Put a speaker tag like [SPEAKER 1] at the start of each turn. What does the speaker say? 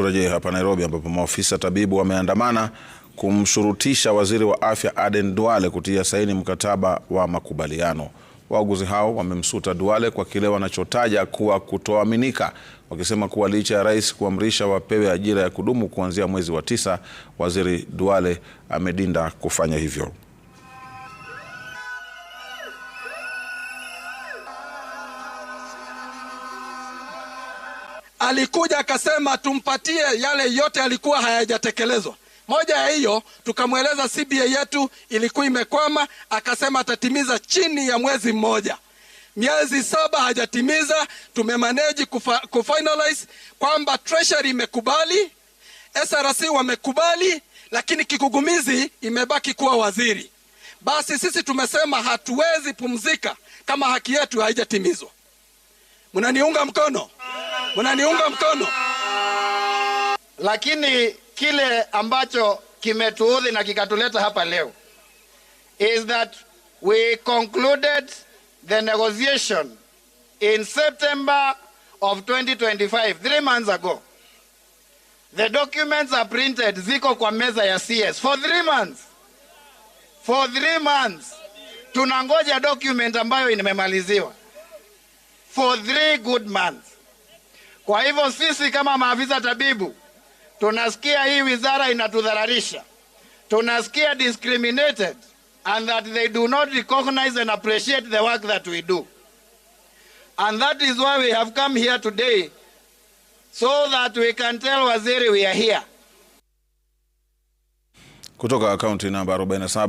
[SPEAKER 1] Turejee hapa Nairobi ambapo maofisa tabibu wameandamana kumshurutisha waziri wa afya Aden Duale kutia saini mkataba wa makubaliano. Wauguzi hao wamemsuta Duale kwa kile wanachotaja kuwa kutoaminika, wakisema kuwa licha ya rais kuamrisha wapewe ajira ya kudumu kuanzia mwezi wa tisa, waziri Duale amedinda kufanya hivyo.
[SPEAKER 2] alikuja akasema tumpatie yale yote alikuwa hayajatekelezwa. Moja ya hiyo tukamweleza CBA yetu ilikuwa imekwama, akasema atatimiza chini ya mwezi mmoja. Miezi saba hajatimiza. Tumemanage kufinalize kwamba treasury imekubali, SRC wamekubali, lakini kikugumizi imebaki kuwa waziri. Basi sisi tumesema hatuwezi pumzika kama haki yetu haijatimizwa. Mnaniunga mkono? Mnaniunga mkono,
[SPEAKER 3] lakini kile ambacho kimetuudhi na kikatuleta hapa leo is that we concluded the negotiation in September of 2025 three months ago. The documents are printed, ziko kwa meza ya CS for three months, for three months tunangoja document ambayo imemaliziwa for three good months. Kwa hivyo sisi kama maafisa tabibu tunasikia hii wizara inatudhararisha, tunasikia discriminated and that they do not recognize and appreciate the work that we do and that is why we have come here today so that we can tell waziri we are here. Kutoka kaunti namba 47